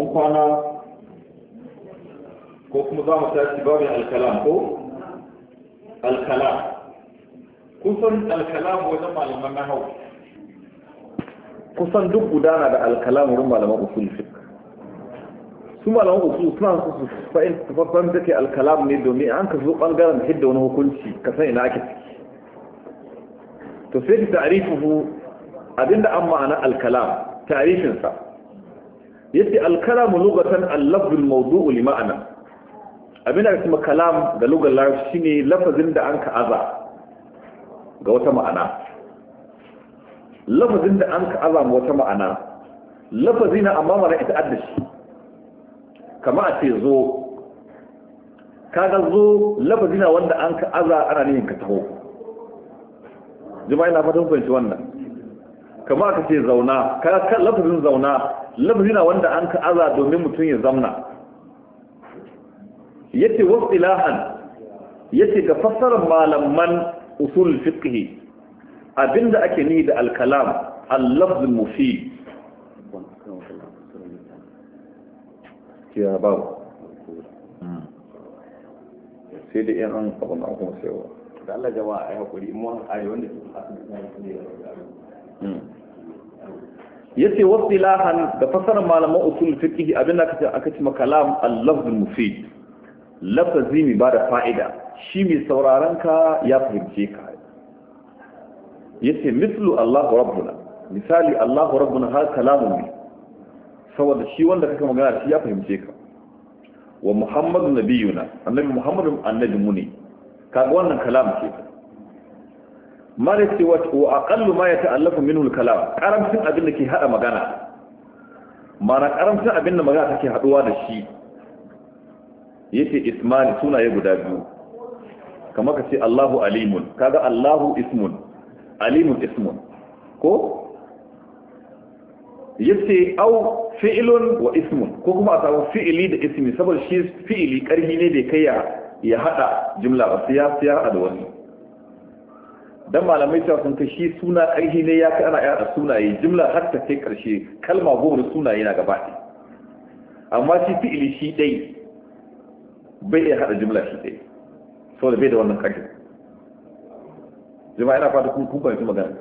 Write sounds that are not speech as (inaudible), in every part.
mun kwana ko kuma za mu tashi babin alkalam ko alkalam kusan alkalam wajen malaman na hau kusan duk gudana da alkalam wurin malaman usul fiqh su malaman usul suna su fa'in tafafan take alkalam ne domin an ka zo bangaren hidda wani hukunci ka san ina ake to sai ta ta'rifuhu abinda an ma'ana alkalam ta'rifinsa yace al-kalamu lughatan al-lafz al li ma'ana abin da kuma kalam da lugar larabci shine lafazin da an ka'aza ga wata ma'ana lafazin da an ka'aza ga wata ma'ana lafazi na amma mara ita addashi kama a ce zo kaga zo lafazi na wanda an ka'aza ana nihin ka taho jima'i na fatan fahimci wannan kama ka ce zauna kaga lafazin zauna lafazi na wanda an aza domin mutum ya zamna yace wasu ilahan yace ga fassarar malaman usul fiqh abinda ake ni da al-kalam al sai da yan na kuma sai wa da Allah jama'a mu an su yace wasilahan da fasarar malaman usul fiqh abin da kace aka ce makalam al-lafz mufid lafazi mai ba da fa'ida shi mai sauraron ka ya fahimce ka yace mislu Allahu rabbuna misali Allahu rabbuna har kalamun ne saboda shi wanda kaka magana shi ya fahimce ka wa muhammadu nabiyuna annabi muhammadu annabi mu ne kaga wannan kalam ce marasi wa aqallu ma yata'allafu minhu al-kalam karamcin abin da ke hada magana mana karamcin abin da magana take haduwa da shi yace ismani sunaye guda biyu kamar ka ce Allahu alimun kaga Allahu ismun alimun ismun ko yace au fi'lun wa ismun ko kuma a samu fi'ili da ismi saboda shi fi'ili karhi ne da kai ya hada jumla ba sai ya hada da wani dan malamai cewa sun kashi suna ƙarfi ne ya kai ana yada sunaye jimla har ta kai ƙarshe kalma goma sunaye na gaba ɗaya amma shi fi'ili shi ɗai bai iya haɗa jimla shi ɗai saboda bai da wannan ƙarfi jama'a yana fata kun kuma yanzu magana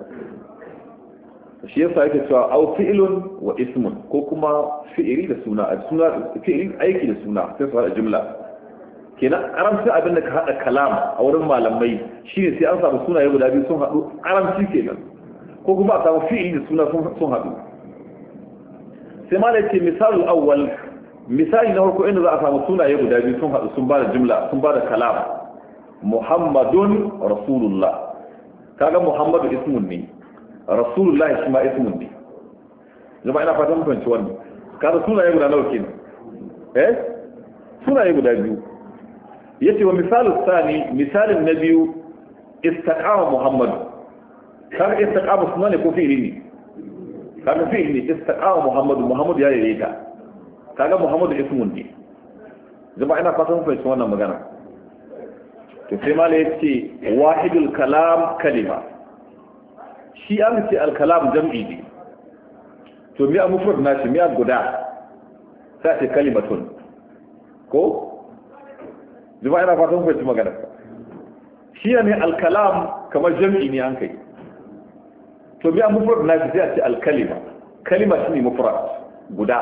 shi yasa yake cewa au fi'ilun wa ismun ko kuma fi'ili da suna a suna fi'ili aiki da suna sai su haɗa jimla kenan karamci abin da ka hada kalam a wurin malamai shine sai an samu sunaye guda biyu sun hadu karamci kenan ko kuma a samu fi'il da suna sun hadu sai malai ce misalul awwal misali na farko inda za a samu sunaye guda biyu sun hadu sun bada jumla sun bada kalam muhammadun rasulullah kaga muhammadu ismun ne rasulullah shi ma ismun ne jama'a ina fatan mutunci wannan kaga sunaye guda nawa kenan eh sunaye guda biyu yace wa misalu sani misalin na biyu istaqama muhammadu kar istaqama suna ne ko fi'ili ne kaga fi'ili ne istaqama muhammadu muhammadu ya yi ta kaga muhammadu ismun ne zama ina fatan fahimci wannan magana to sai mala yace wahidul kalam kalima shi an ce al kalam jam'i ne to mi a mufrad shi mi a guda sai ce kalimatun ko jama'a ina fatan ku ji magana shi ne al-kalam kamar jami'i ne an kai to biya an mufrad na ji sai alkalima, kalima kalima shine mufrad guda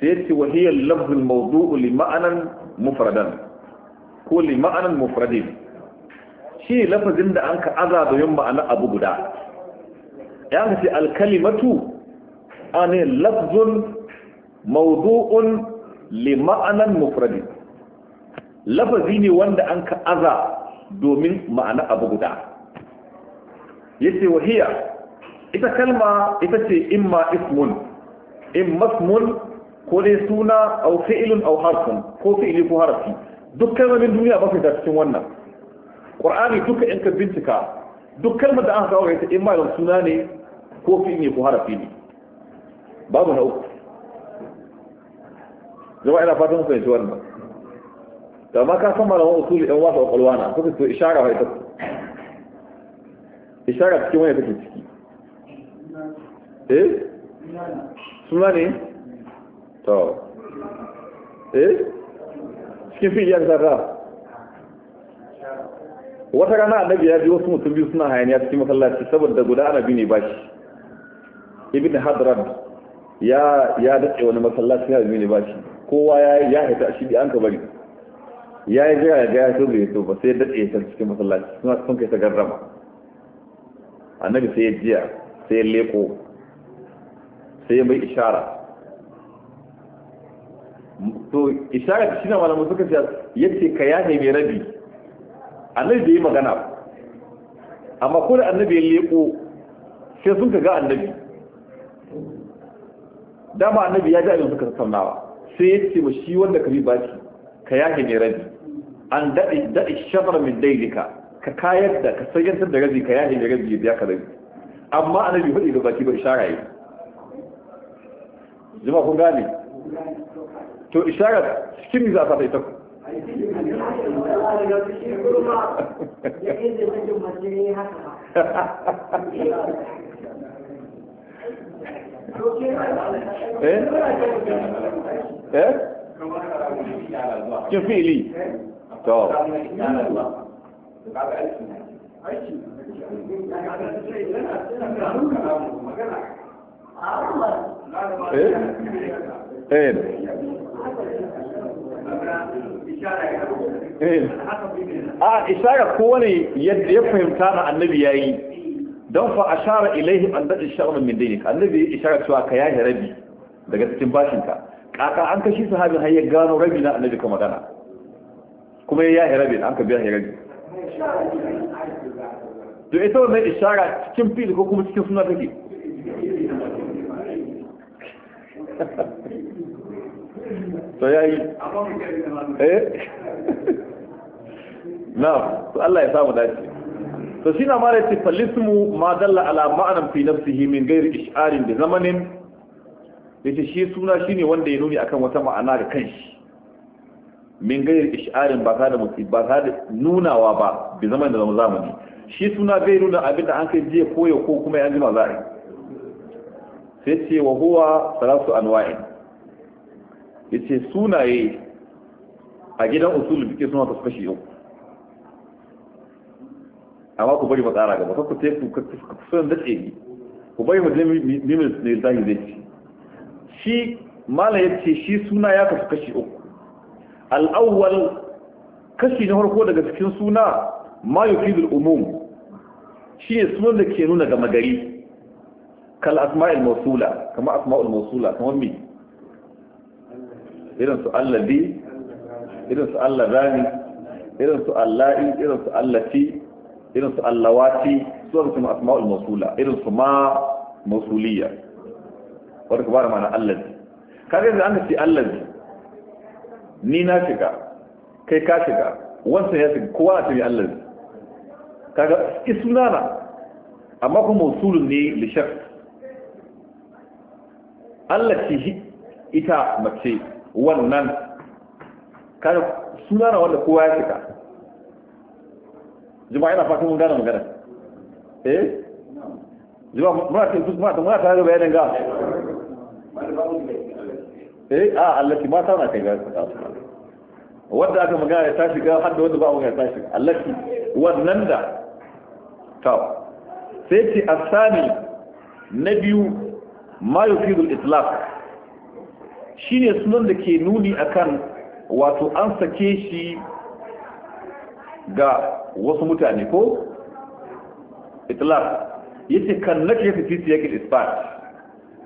sai ya ce wahiyar lafzin maudu'u lima'anan mufradan ko lima'anan mufradin shi lafazin da an ka aza domin ma'anar abu guda ya ka ce alkalimatu a ne lafzin maudu'un lima'anan mufradin lafazi ne wanda an ka aza domin ma'ana abu guda yace wahiya ita kalma ita ce imma ismun imma ismun ko dai suna au fi'ilun au harfun ko fi'ili ko harfi duk kalmomin duniya ba su da cikin wannan qur'ani duka in ka bincika duk kalmar da aka kawo ita imma ma suna ne ko fi'ili ko harfi ne babu na uku zama ina fatan ku fahimci wannan طب ما كان كما لو اصول اوقات القلوانا كنت اشاره هي تك اشاره كيما هي تك ايه سمعني طب ايه يعني كيف في يعني ذرا وترانا النبي يا جوس مو تبي سنا هاي نيات كيما الله تسبب ده غدا ابي ني باش ابن حضرت يا يا دتي وانا مسلاتي ابي ني باش كوا يا يا هتا شي بي انت بقى ya yi jira ga ya so bai so ba sai daɗe ta cikin masallaci suna sun kai ta garrama annabi sai ya jiya sai ya leko sai ya mai ishara to ishara shi na malamu suka ce yace ka ne mai rabi annabi bai yi magana ba amma ko da annabi ya leko sai sun ka ga annabi dama annabi ya ji abin suka sannawa sai ya ce ma shi wanda ka bi baki ka yahe ne rabi an daɗi daɗi shafar min daidika ka kayar da ka sayyantar da rabi ka yahe ne rabi ya biya ka rabi amma annabi hudu ga baki ba ishara yi Zuma kun gane to ishara cikin za ta ita ku (laughs) eh eh كفيلي طب ايه ايه اه كوني يد يفهم كان النبي ياي دون فاشار اليه ان بدل الشر من دينك النبي اشاره سواك يا ربي دغت تنباشنك kaka an kashi sahabin har ya gano rabi na annabi ka magana kuma ya yi rabi an ka biya rabi to ita wannan ishara cikin fili ko kuma cikin suna take (laughs) to ya yi eh (laughs) na to Allah ya samu dace to shi na mara ce falismu ma dalla ala ma'anan fi nafsihi min gairi ish'arin da zamanin yace shi suna shine wanda ya nuni akan wata ma'ana da kanshi min gairi isharin ba ta da ba ta da nunawa ba bi zaman da zamani shi suna bai nuna abin da an kai jiya koyo ko kuma ya jima za'i sai ce wa huwa salatu anwa'in yace sunaye a gidan usul fiqh suna ta kashi yau. amma ku bari mu tsara gaba ku ku ku son dace ku bari mu je mimin ne zai zai shi mala ya ce shi suna ya kasu kashi uku al'awwal kashi na farko daga cikin suna ma yufidul umum shi ne sunan da ke nuna gama gari kal asma'il mawsula kama asma'ul mawsula kamar mi Irinsu su allabi irin su irinsu irin su allahi irin su irinsu irin su su kuma asma'ul mawsula irinsu ma mawsuliyya wadda ka ba da mana allazi kaga yanzu an ce allazi ni na shiga kai ka shiga wancan ya shiga kowa a tabi allazi kaga isuna na amma kuma mausulun ne lishar allazi ita mace wannan kaga suna na wanda kowa ya shiga jima'a yana fatan mun gane magana eh jima'a muna tare da bayanin ga eh a allati kai ga ta aka magana ya da ba allati wannan da ta sai ce asani na biyu ma yufidul itlaq shine sunan da ke nuni akan wato an sake shi ga wasu mutane ko itlaq yace kan nake fi siyaqil isbat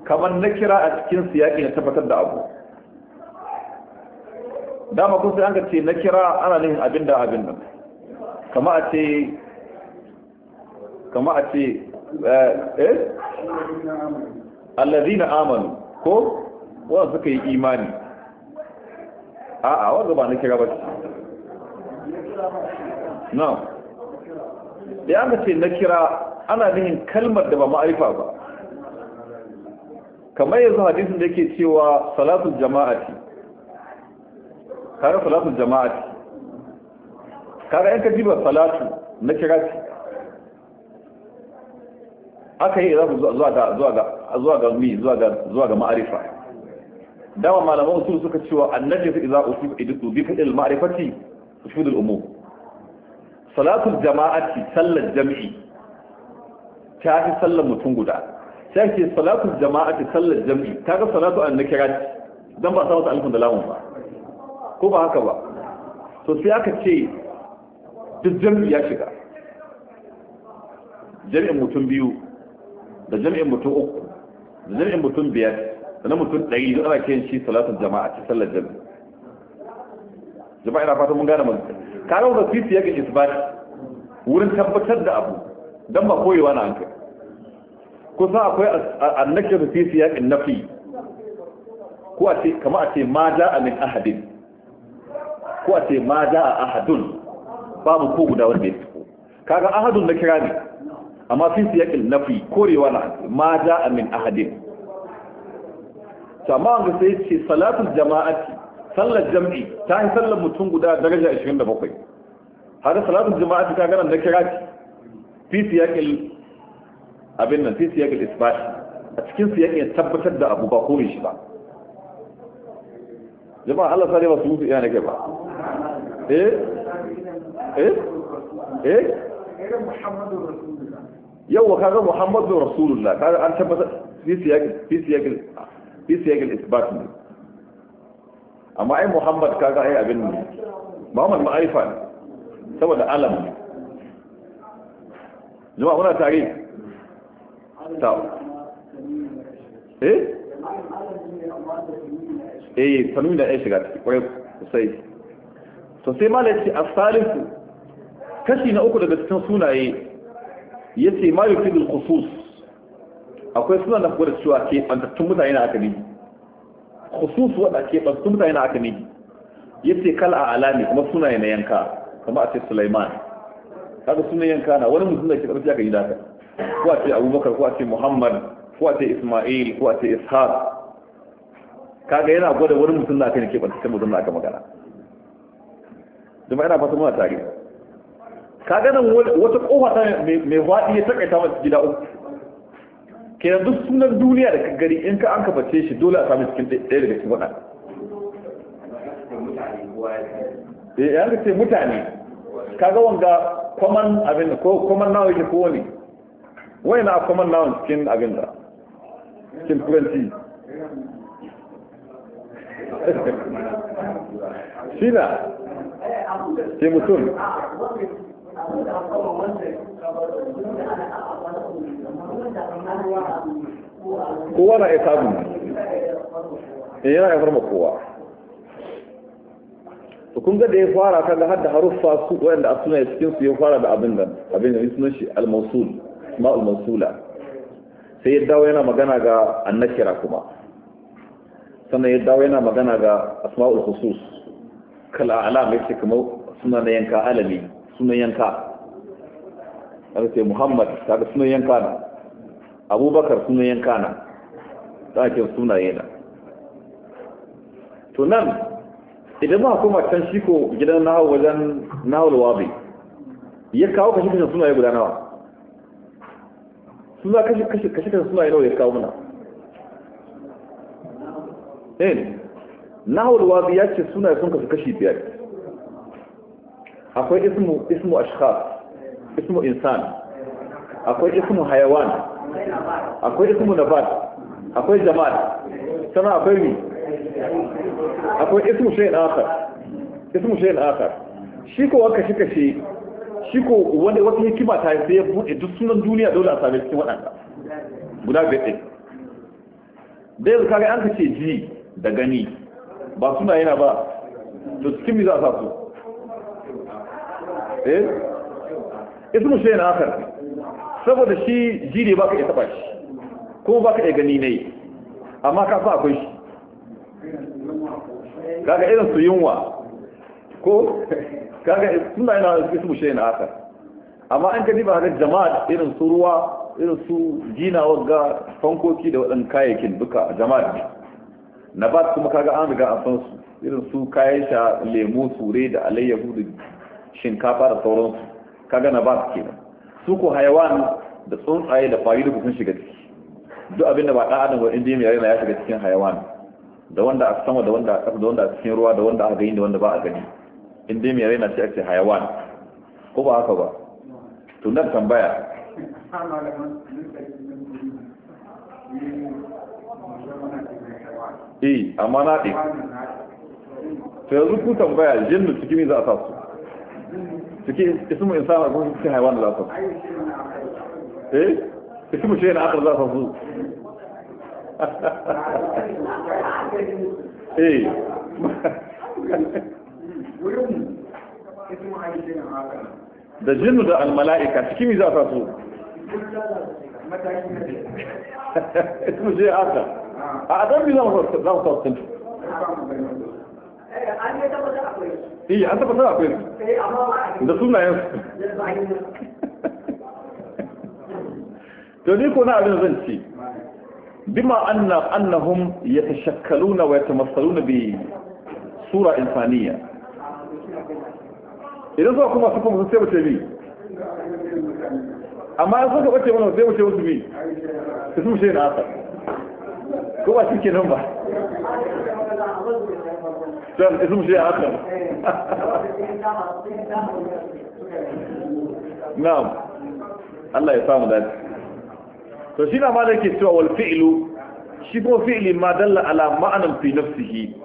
kamar na kira a cikin siyaki na tabbatar da abu dama kun sai an ka ce na kira ana nihin abin da abin nan kama a ce kama a ce eh, eh? allazina amanu ko wanda suka yi imani a a wanda ba na kira ba ce na da ya ka ce na kira ana nihin kalmar da ba ma'arifa ba kamar yanzu hadisin da yake cewa salatul jama'ati kare salatul jama'ati kare yanka jiba salatu na kirati aka yi zuwa ga zuwa ga mi zuwa ga ma'arifa dama malaman su suka cewa annabi fi idza usibu bi fadil ma'rifati usul al-umum salatul jama'ati sallar jam'i ta fi sallar mutum guda sai ce salatu jama'a ta sallar jam'i ta ga salatu an nakira dan ba sa wata alfun da lamun ba ko ba haka ba to sai aka ce duk jam'i ya shiga jami'in mutum biyu da jami'in mutum uku da jami'in mutum biyar da na mutum ɗari duk ana kiyan shi salatu jama'a ce sallar jami'i jama'a ina fata mun gane mun karar da fifi ya ga isbat wurin tabbatar da abu dan ba koyewa na hankali kusan akwai annakir fi siyaqin nafi ko a ce kama a ce ma ja'a min ahadin ko a ce ma ja'a ahadun babu ko guda wanda ya fito kaga ahadun na kira ne amma fi siyaqin nafi korewa na ma ja'a min ahadin amma wanda sai ce salatul jama'ati sallar jam'i ta yi sallar mutum guda daraja 27 har salatul jama'ati ta gana na kira ce fi siyaqin abin nan sai siyagar isbat a cikin su yake tabbatar da abu ba kore shi ba jama'a Allah sare ba su mutu ina nake ba eh eh eh rasulullah yau kaga muhammadu rasulullah kaga an tabbatar fi siyagar fi siyagar fi siyagar isbat ne amma ai muhammad kaga ai abin ne muhammad ma'arifa ne saboda alam ne jama'a muna tarihi ta eh eh tanwini na ya shiga ciki kwarai sosai to sai malaci a salisu kashi na uku daga cikin sunaye ya ce ma yi fidil khusus akwai suna na kuwa da cewa ke ɓantattun mutane na aka nihi khusus wadda ke ɓantattun mutane na aka nihi ya ce kal a alami kuma sunaye na yanka kuma a ce sulaiman kaga sunan yanka na wani mutum da ke ƙarfi aka yi da haka ko a ce abubakar ko a ce muhammad ko a ce ismail ko a ce ishaq kaga yana gwada wani mutum na ke keɓanta cikin mutum na aka magana dama yana fasa muna tare kaga nan wata kofa ta mai faɗi ya takaita masu gida uku ke duk sunan duniya da gari in ka an kaface shi dole a sami cikin ɗaya daga cikin waɗanda eh, ya ce mutane kaga wanga kwaman abin ko kwaman nawa yake ko wai na common noun cikin abin da cikin turanci shi na ke mutum kowa na ya sabu ne eh, yana ya farma kowa to kun da ya fara kaga hadda haruffa su wayanda a suna cikin su ya fara da abin da abin da suna shi al asmaul mawsula sai ya dawo yana magana ga annakira kuma sannan ya dawo yana magana ga asma'ul khusus kal a'lam kuma kamar na yanka alami suna yanka aka ce muhammad kaga suna yanka na abubakar suna yanka na ta ake sunaye na to nan idan ma kuma can shi ko gidan nahawu wajen nahawul wabi ya kawo kashe kashe sunaye guda nawa suna kashe kashe kashe kashe suna yana ya kawo muna ɗin eh, na wazi ya ce suna sun kashe kashi biyar akwai ismu ismu ashkhas ismu insan akwai ismu hayawan akwai ismu nabat akwai jama'ar sana akwai mi akwai ismu shay'in akar ismu shay'in akar shi ko kashi kashi shi ko wanda wata hikima ta yi sai ya buɗe duk sunan duniya dole a same cikin waɗanda guda biyar ɗin da yanzu kaga an ka ce ji da gani ba suna yana ba to cikin mi za a sa su eh ismu shi na akar saboda shi ji ne baka iya taɓa shi kuma baka iya gani ne amma ka sa akwai shi kaga irin su yunwa ko kaga suna yana ismu na haka amma an kaji ba ga jama'a irin su ruwa irin su gina ga fankoki da waɗannan kayayyakin duka a jama'a ne ba kuma kaga an riga an san su irin su kayan sha lemu sure da alayyahu da shinkafa da sauransu kaga ke nan su ko hayawan da tsuntsaye da fari da sun shiga ciki duk abinda ba ɗan adam ba inda mai yana ya shiga cikin hayawan da wanda a sama da wanda a ƙasa da wanda a cikin ruwa da wanda a gani da wanda ba a gani in dai mai raina shi ake hayawan ko ba haka ba tunan tambaya eh amma na ɗi sai yanzu ku tambaya jinnu cikin za a sa su cikin ismu insan a kuma cikin haiwan da za a sa su eh ismu shi na akar za a sa (laughs) eh (laughs) da jinu da almala'ika cikin mi za ta so ismu je aka a adam mi za mu iya an tabbata akwai da sunayen to ni ko abin zan ci bima anna annahum yatashakkaluna wa yatamassaluna bi sura insaniya idan suka kuma su kuma sai wuce bi amma in suka bace mana sai wuce musu bi su su mace na asa ko ba shi kenan ba dan isu mace a asa na'am Allah ya samu dace to shi na ma da yake cewa wal fi'lu shi kuma fi'li ma dalla ala ma'anan fi nafsihi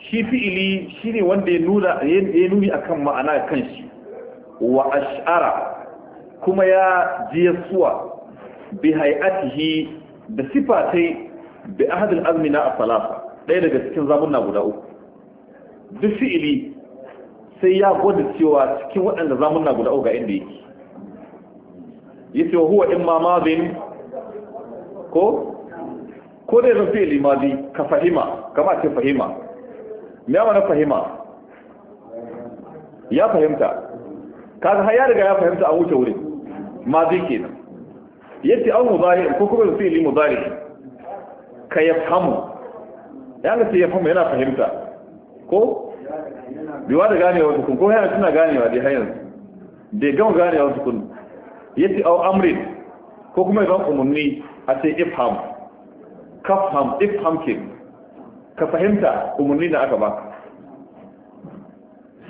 shi fi'ili shi ne wanda ya nuna ya nuni akan ma'ana kan shi wa ash'ara kuma ya ji ya suwa bi hay'atihi da sifatai bi ahad al-azmi na asalafa salasa ɗaya daga cikin zamunna guda uku duk fi'ili sai ya gwada cewa cikin waɗanda zamunna guda uku ga inda yake ce wa huwa ma madin ko ko zan fi'ili madi ka fahima kama ce fahima me na fahima ya fahimta kaga har ya riga ya fahimta an wuce wurin ma zai ke. nan yace an mudari ko kuma su yi mudari ka yafhamu yana ya yafhamu yana fahimta ko biwa da ganewa tukun ko yana gane ganewa dai har da bai gama ganewa tukun yace au amrin ko kuma ban umarni a ce ifham kafham ifham ke ka fahimta umarni da aka baka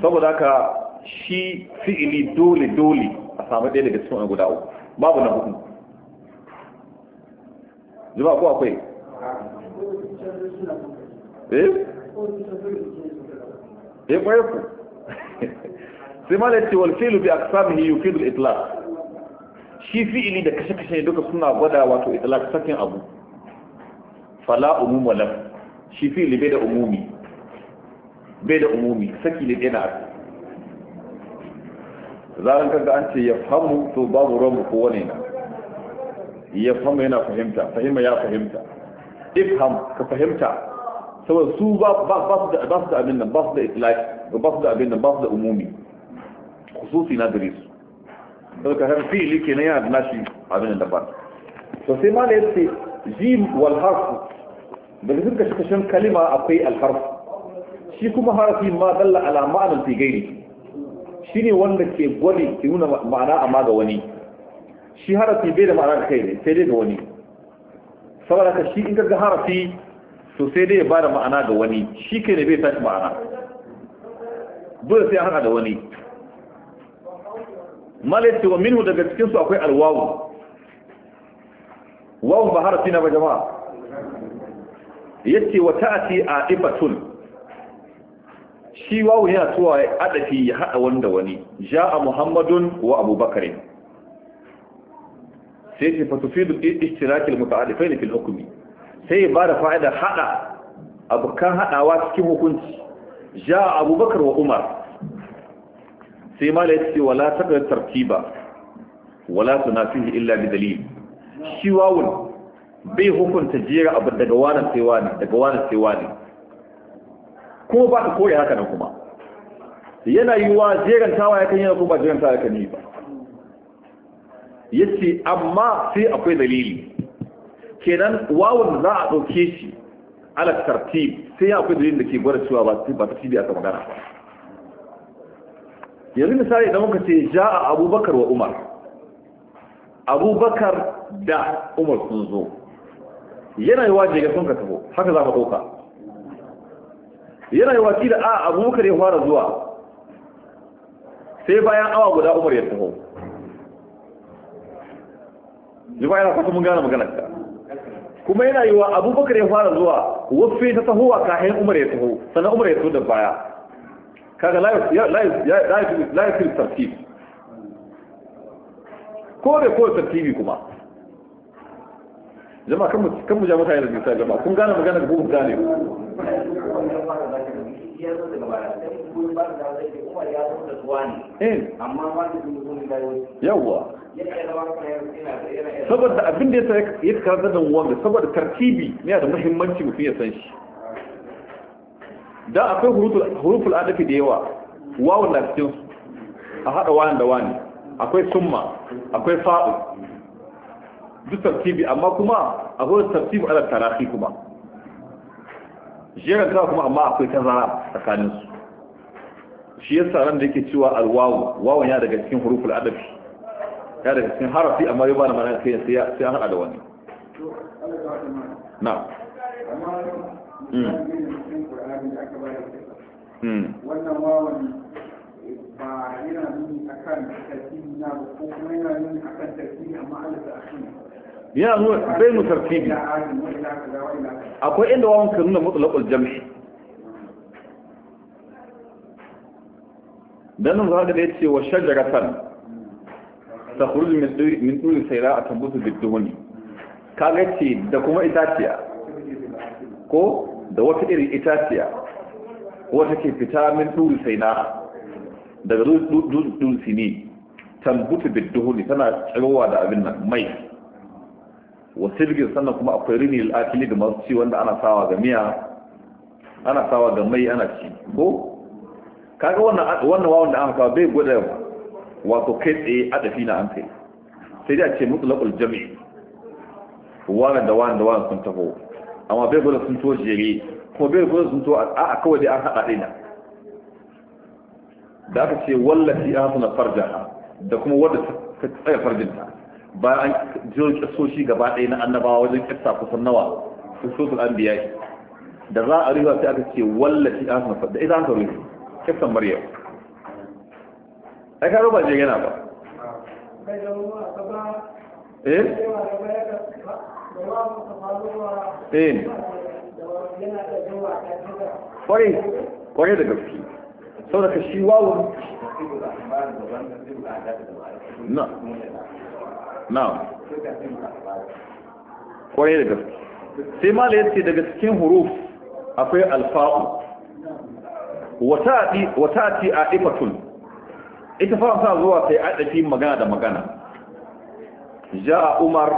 saboda ka shi fi'ili dole dole a samu ɗaya daga cikin guda uku babu na hudu zuba ko akwai eh eh kwaye ku (laughs) sai malai ce wal fi'lu bi aqsamihi yi al-itlaq shi fi'ili da kashe-kashe duka suna gwada wato itlaq sakin abu fala umum wala shi fi'ili bai da umumi bai da umumi saki ne ɗaya na aka zaran kanka an ce ya famu to babu ruwan ko wane na ya famu yana fahimta fahimta ya fahimta ifham ka fahimta saboda su ba su da abin nan ba su da itilaki ba su da abin nan ba su da umumi khususi na gare su saboda har fili ke na yana da nashi abin da ba to sai ma da yace jim wal harf daga dukkan kashin kalima akwai al harf shi kuma harafi ma dalla ala ma'ana fi gairi shi ne wanda ke gwani ke nuna ma'ana amma ga wani shi harafi bai da ma'ana kai ne sai dai ga wani saboda ka shi in ga harafi to sai dai ya ba da ma'ana ga wani shi kai ne bai tashi ma'ana dole sai ya hana da wani malai wa minhu daga cikinsu akwai alwawu wawu ba harafi na ba jama'a yace wa ta'ati a ibatun shi wawu yana tuwa ya adafi ya haɗa wanda wani ja a muhammadun wa abubakarin sai ce fatufidu ishtirakil muta'alifai ne fil hukumi sai ya ba da fa'idar haɗa abokan haɗawa cikin hukunci Ja a abubakar wa umar sai ma ya ce wala takardar tartiba wala su na fi illa bi dalil shi wawun bai hukunta jera abu daga wani sai wani daga wani sai wani kuma ba ka kore haka nan kuma yana yiwuwa jerantawa ya kan yana kuma jerantawa ya kan yi ba ya ce amma sai akwai dalili kenan wawon za a ɗauke shi ala tartib sai akwai dalilin da ke gwada cewa ba ta tibi aka magana ba yanzu misali idan muka ce ja a abubakar wa umar abubakar da umar sun zo yana yi waje ga sun ka taho haka za ka ɗauka yana yi wasi da a abubakar ya fara zuwa sai bayan awa guda umar ya taho jiba yana fata mun gane maganar ka kuma yana yi wa abubakar ya fara zuwa wasu ta a kahin umar ya taho sannan umar ya taho da baya kaga layar fil ko da kowace tartibi kuma jama'a kan mu ja mutane da nisa jama'a kun gane magana ko bugun gane eh. yawwa saboda abin da ya karanta da wanda saboda tartibi yana da muhimmanci mutum ya san shi da akwai huruful adafi da yawa wawon na cikin a haɗa wani da wani akwai summa akwai fa'u duk tartibi amma kuma akwai tartibi ala tarahi kuma jeran kawo kuma amma akwai tazara tsakanin su shi yasa ran da yake cewa alwawu wawan ya daga cikin huruful adabi ya daga cikin harafi amma ya bana mana kai sai sai an hada da wani na wannan wawan ba yana nuni akan tartibi na ko kuma yana nuni akan tartibi amma ala ta'khir yana zuwa bai mu tartibi akwai inda wawan ka nuna mutulakul jam'i dan nan zaka da yace wa shajaratan takhruj min duri min duri sayra atabutu biduni kaga ce da kuma itaciya ko da wata irin itaciya ta ke fita min duri sayna daga duri sini tambutu biduni tana tsarowa da abin nan mai wasilgin sannan kuma akwai rini al'akili da masu ci wanda ana sawa ga miya ana sawa ga mai ana ci ko kaga wannan wawan da aka kawo bai gwada wato kai tsaye a tafi na an kai sai dai a ce mutulakul jami'i wani da wani da wani sun taho amma bai gwada sun to jere kuma bai gwada sun to a kawai dai an haɗa ɗina da aka ce wallafi an suna farja da kuma wadda ta tsaya farjinta bayan an kisoshi gaba ɗaya na annabawa wajen kissa kusan nawa biya shi. da za a riba sai aka ce wallafi an san da idan ka rufe kissan maryam ai ka ruba je yana ba eh eh kwarai da gaske sau da ka shi wawon na na kwarai da gaske sai ma da yace daga cikin huruf akwai alfa'u wata ti a ifatun ita fa'amsa zuwa sai a ɗafi magana da magana ja umar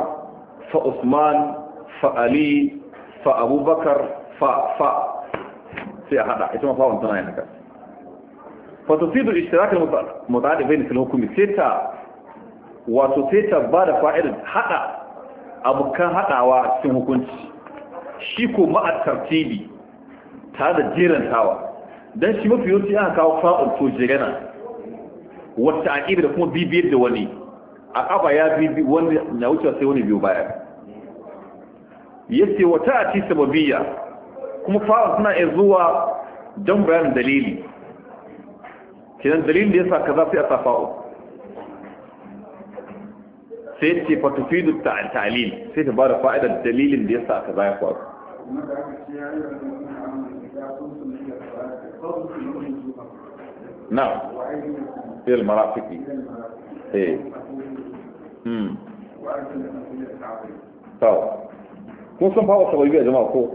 fa usman fa ali fa abubakar fa fa sai a hada. ita ma fa'amsa na yana ka fata fi da ishtirakar mutane bai nufin hukumi sai ta wato sai ta ba da fa’irin haɗa abokan haɗawa cikin hukunci shi ko ma'a tartibi tare da tawa don shi mafi yanzu yana kawo fa'ul to jirana wata aƙibi da kuma bibiyar da wani a ƙafa ya bibi wani na wucewa sai wani biyu baya ya ce wata a ci sababiyya kuma fa'ul suna iya zuwa don bayan dalili kenan dalilin da ya sa kaza sai a sa fa'ul سيتي فتفيد التعليم سيتي بارا فائدة الدليل اللي يسعى كذا يا فوق نعم في المرافق ايه امم طب كون سن باو سوي يا جماعه فوق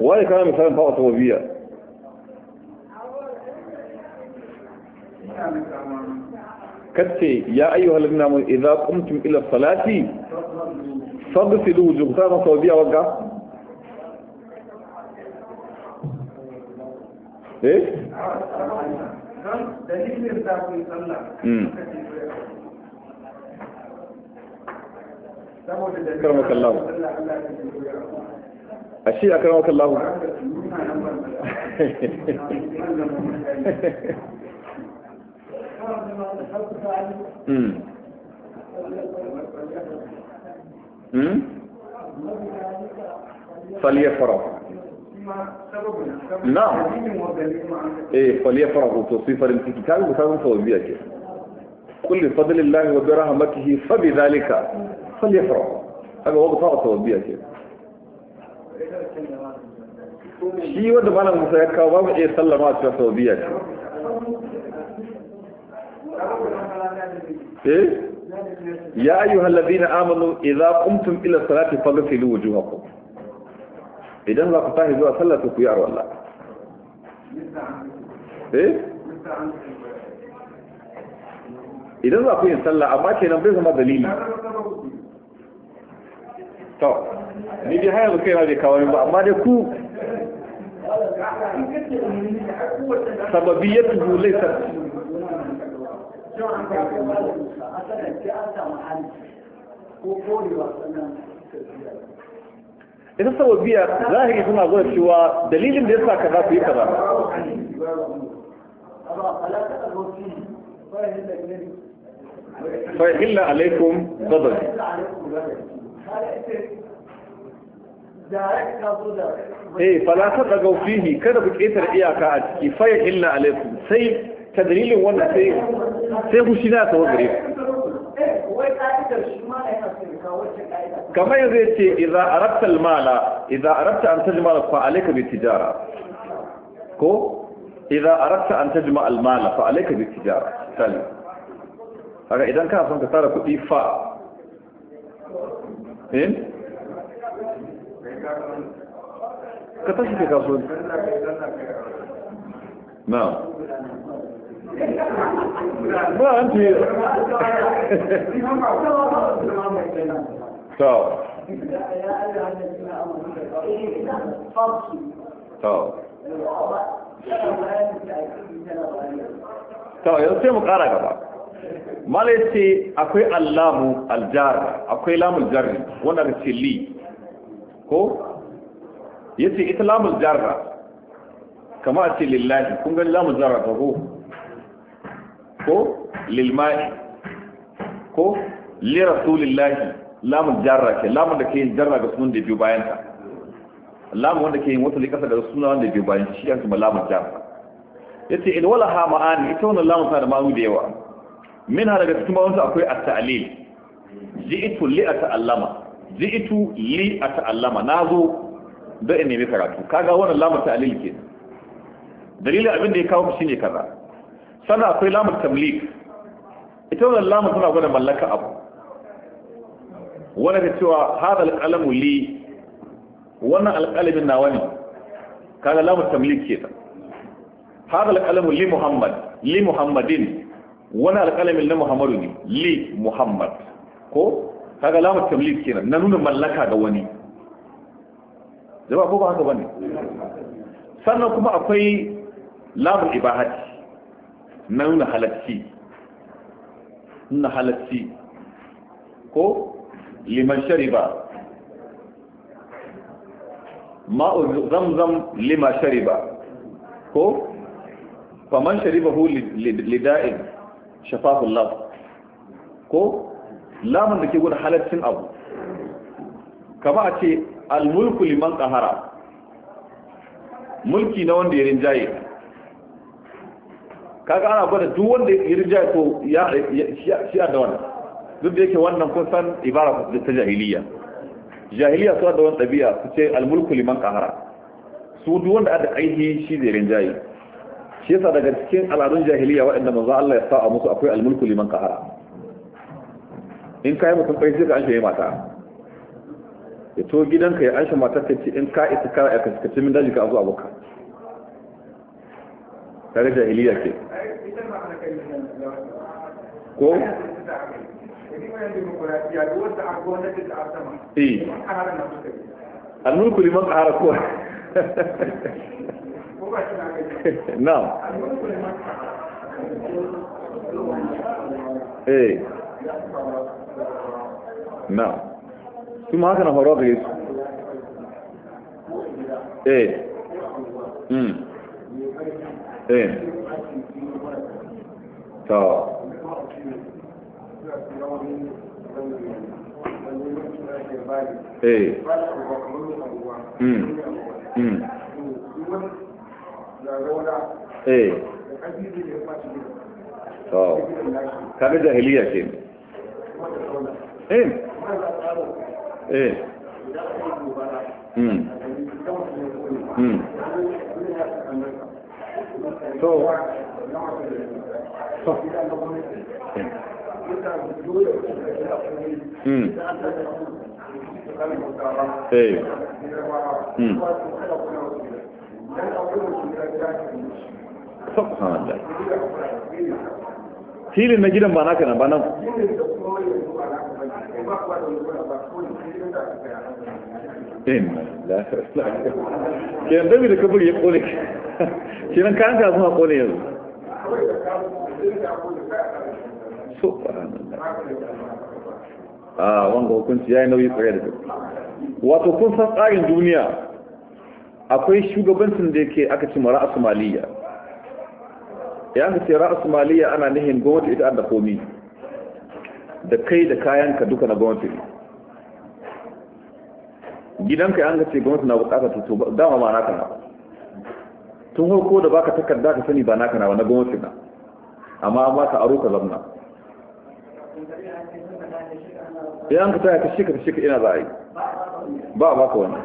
وايه كان مثلا باو سوي kace ya ayyuhal ladina amanu idza qumtum ila salati faghsilu wujuhakum sawbiya waga eh hmm. karmaka Allah a shi a karmaka Allah (laughs) (laughs) امم فليفرغ نعم ايه فليفرغوا توصيف الانتكال بسبب فوزيه كل فضل الله وبرحمته فبذلك فليفرغوا هذا هو بطاقه فوزيه شيء shi wanda malam musa ya kawo babu eh ya ayyuhal ladina amanu idza qumtum ila salati faghsilu wujuhakum idan za ku tashi zuwa sallah ku yi arwalla eh? idan za ku yin sallah amma bai zama dalili to ni dai haya kai na kawo amma dai ku yau an ga a sanar sai an samu hali ko korewa sannan ita zahiri suna zuwa cewa dalilin da ya sa ka ku yi kaza fa illa alaikum eh fala ta daga fihi kada ku iyaka a ciki fa illa alaikum sai تدريل ولا سي سيخو شناس هو قريب كما يقول إذا أردت المال إذا أردت أن تجمع فعليك بالتجارة كو إذا أردت أن تجمع المال فعليك بالتجارة سالي هكا إذا كان أصلا كتارة كتي إن إيه؟ كتاشي كتاشي نعم ba an ce to to to yanzu sai mu kara gaba mala ce akwai allamu aljar akwai lamun jarri wanda ka ce li ko yace ita lamun jarra kama a ce lillahi kun gani lamun jarra ta ruhu ko lilma'i ko li rasulillahi lamun jarra ke lamun da ke yin jarra ga sunan da biyu bayan ta lamun wanda ke yin wata kasa ga sunan wanda biyu bayan shi an kuma lamun jarra yace in wala ha ma'ani ita wannan lamun ta da ma'u da yawa min ha daga cikin ma'unta akwai at-ta'lil ji'tu li ata'allama ji'tu li ata'allama nazo da in nemi karatu kaga wannan lamun ta'lil ke dalilin abin da ya kawo ne kaza sannan akwai lamar tamlik ita wannan lamar suna gwada mallaka abu wani ka cewa haɗa alƙalamu li wannan alƙalamin na wani, kaga lamar tamlik ke ta haɗa alƙalamu li muhammad li muhammadin wani alƙalamin na muhammadu ne li muhammad ko kaga lamar tamlik ke na nuna mallaka ga wani zaba ko ba haka ne sannan kuma akwai lamar ibahati nuna halacci nuna halacci ko liman shariba ma'u zamzam lima shariba ko faman li lida'in shafahu Allah ko lamun da ke gudu halaccin abu kama a ce Al mulku liman ƙahara mulki na wanda ya jayi kaga ana gwada duk wanda ya rija ko ya shi da wannan duk da yake wannan kun san ibara ta jahiliya jahiliya su da wani ɗabi'a su ce almulku liman kahara su duk wanda ada aihi shi zai rinjaye shi yasa daga cikin al'adun jahiliya waɗanda manzo Allah ya sa a musu akwai almulku liman kahara in kai mutum kai sai ka anshe mata ya to gidanka ya anshe mata ka ce in ka isa kara ya kaskace min daji ka azu abokan tare jahiliya ke ko eh. eh. a nukuli man kara ko (laughs) eh. na to eh mm mm eh to kaga jahiliya ke eh eh mm mm to Hmm. subhanallah filin na gidan ba ba nan da kabir ya kone (laughs) yanzu a ah, wanga hukunci ya yi nauyi tsare da duk wato kun san tsarin duniya akwai shugabancin da yake aka ci mara asumaliya ya aka ce ra'a asumaliya ana nihin gwamnati ita da komi da kai da kayanka duka na gwamnati gidanka ya an ka ce gwamnati na bukatar tutu dama ma na kana tun harko da baka takarda ka sani ba naka na wani gwamnati na amma ba ka aro ka zamna yan ka taya ka shika ka shika ina za a yi ba ba ka wani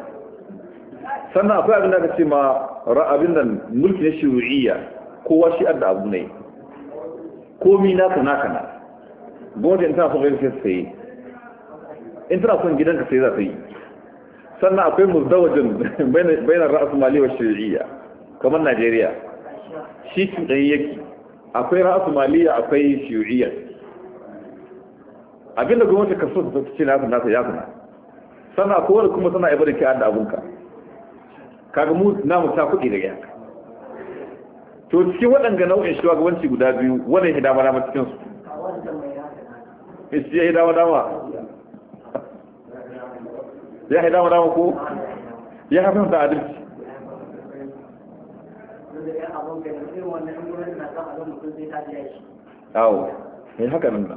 sannan akwai abin da ka ce ma abin nan mulki na shiru'iyya kowa shi adda abu ne komi naka naka na gwamnati in tana son gaisa sai sai in tana son gidanka sai za ta yi sannan akwai muzdawajin bainar ra'asu mali wa shiru'iyya kamar najeriya shi cuɗanyi yaki, akwai ra'asu maliya akwai shiyu'iyyar abinda gwamnati kaso su ce nasu nasu ya suna sana kowar kuma sana ibar da ki'an da abunka kaga mu namu ta kuɗi daga yanka to cikin waɗanga nau'in shugabanci guda biyu wani ya dama dama cikin su ya yi dama dama ya yi dama dama ko ya haifar da adalci awo mai haka nan ba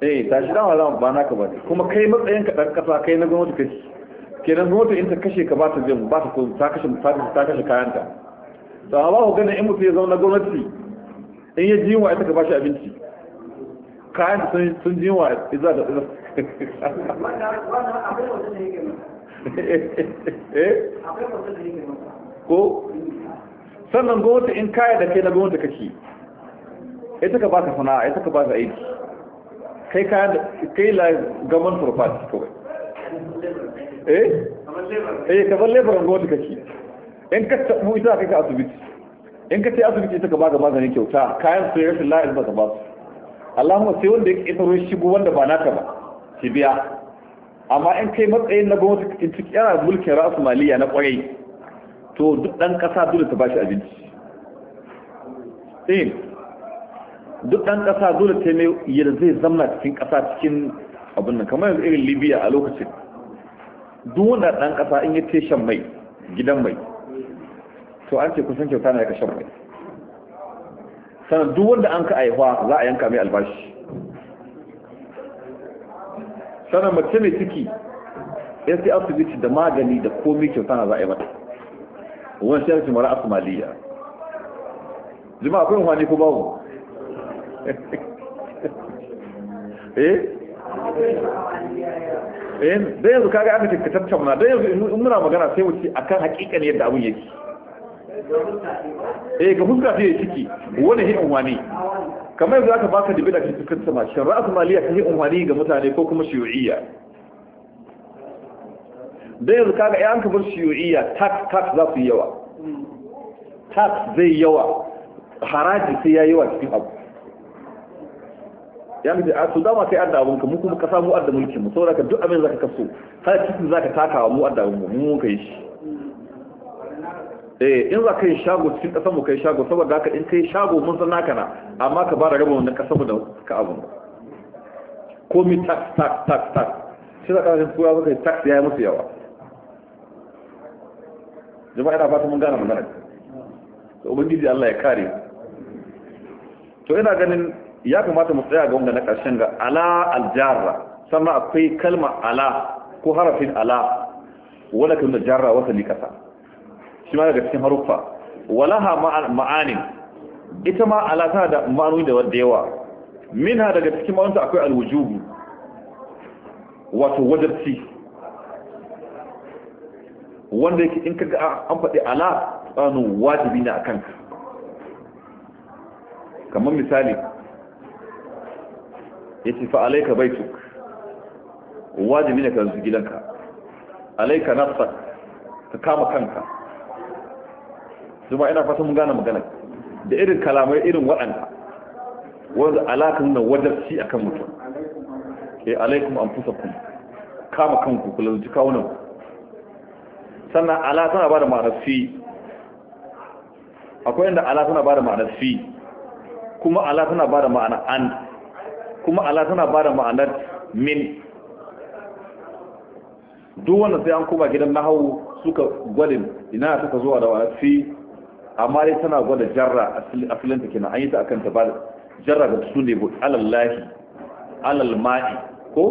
eh tashi dan wala eh, ba naka ba kuma kai matsayin dan kasa kai na gwamnati kashi kenan gwamnati in ta kashe ka ba ta zai ba ta so ta kashe ta kashe kayanta to amma ku ganin in mutu ya zama na gwamnati in ya jiwa ita ka bashi abinci kayan sun jiwa ita da iza ko sannan wata in kaya da ke na gwamnati kake ita ka baka sana'a ita ka baka aiki kai kaya da kai la gaban turfati kawai eh eh ka ban baran gwamnati kake in ka tabu ita kai ka asibiti in ka ce asibiti ita ka baka maganin kyauta kayan su rashin la'il ba ka ba su Allahumma sai wanda ya ƙetaro shigo wanda ba naka ba ki biya amma in kai matsayin na gwamnati in ciki yana mulkin ra'asu maliya na kwarai to duk ɗan ƙasa dole ta bashi abinci ɗin eh, duk ɗan ƙasa dole ta mai yadda zai zamna cikin ƙasa cikin abin nan kamar yanzu irin libya a lokacin duk wanda ɗan ƙasa in ya ce shan mai gidan mai to an ce kusan kyauta na ya ka shan mai sannan duk wanda an ka aihuwa za a yanka mai albashi tana mace mai ciki ya sai asibiti da magani da komi kyauta na za a yi mata wani shi mara Asimaliya. jima akwai wani ko babu (laughs) eh eh dai yanzu kaga aka ce tattauna dai yanzu in muna magana sai wuce akan hakikani yadda abun yake eh ga fuska fiye ciki wani hin wani kamar yanzu aka baka dibida ke cikin sama shari'ar maliya ta yi umarni ga mutane ko kuma shiyu'iyya don yanzu kaga ya an kamar shiyu'iyya tax tax za su yi yawa tax zai yawa haraji sai ya wa cikin abu ya mace a su dama kai adda abinka mu kuma ka samu adda mulkinmu saboda ka duk abin za ka kaso har cikin za ka takawa mu adda mu mu ka yi shi eh in za ka yi shago cikin ƙasar mu kai shago saboda haka in kai shago mun san naka na amma ka ba da rabon wannan ƙasar mu da ka abun mi tax tax tax tax shi da ƙasashen tura suka yi tax ya yi musu yawa jama'a ina fata mun gane magana to ubangiji Allah ya kare to ina ganin ya kamata mu tsaya ga wanda na ƙarshen ga ala aljarra sannan akwai kalma ala ko harafin ala wanda kan da jarra wata likasa shi ma daga cikin haruffa walaha ma'anin ita ma alaka da ma'anoni da wadda yawa ha daga cikin ma'anonta akwai alwujubu wato wajarci wanda yake in kaga an faɗi ala tsanin wajibi ne a kanka kamar misali ya ce alayka baituk wajibi ne ka zuci gidanka alaika nafsa ka kama kanka zuma ina fata mun gane magana da irin kalamai irin waɗanda wanda alakan nan wajabci akan mutum eh alaikum an ku kama kanku kula da kawuna sannan ala tana bada ma'anar fi akwai inda ala tana bada ma'anar fi kuma ala tana bada ma'anar an kuma ala tana bada ma'anar min duk wanda sai an koma gidan nahawu suka gwadin ina suka zuwa da fi amma dai tana gwada jarra asalinta kenan an yi ta akan ta ba da jarra ga su ne alallahi alalma'i ko?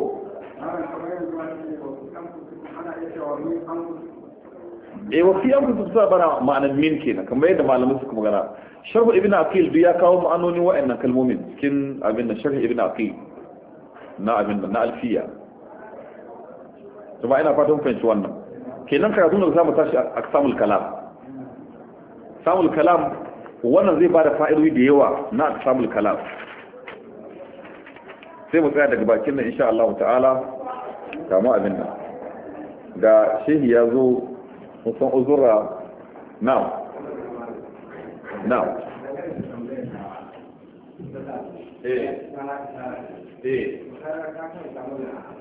e eh, wasu yanku su sa bana ma'anar min kenan kamar yadda malamin suka magana sharhu ibn aqil duk ya kawo ma'anonin wa'annan kalmomin cikin abin da sharhu ibn aqil na abin da na alfiya kuma ina fatan fahimci wannan kenan karatu da za mu tashi a samun kalam samun kalam wannan zai bada da da yawa na samun kalam sai mu tsaya daga bakin nan insha Allah ta'ala kama abin nan ga shehi ya zo musan uzura now now eh eh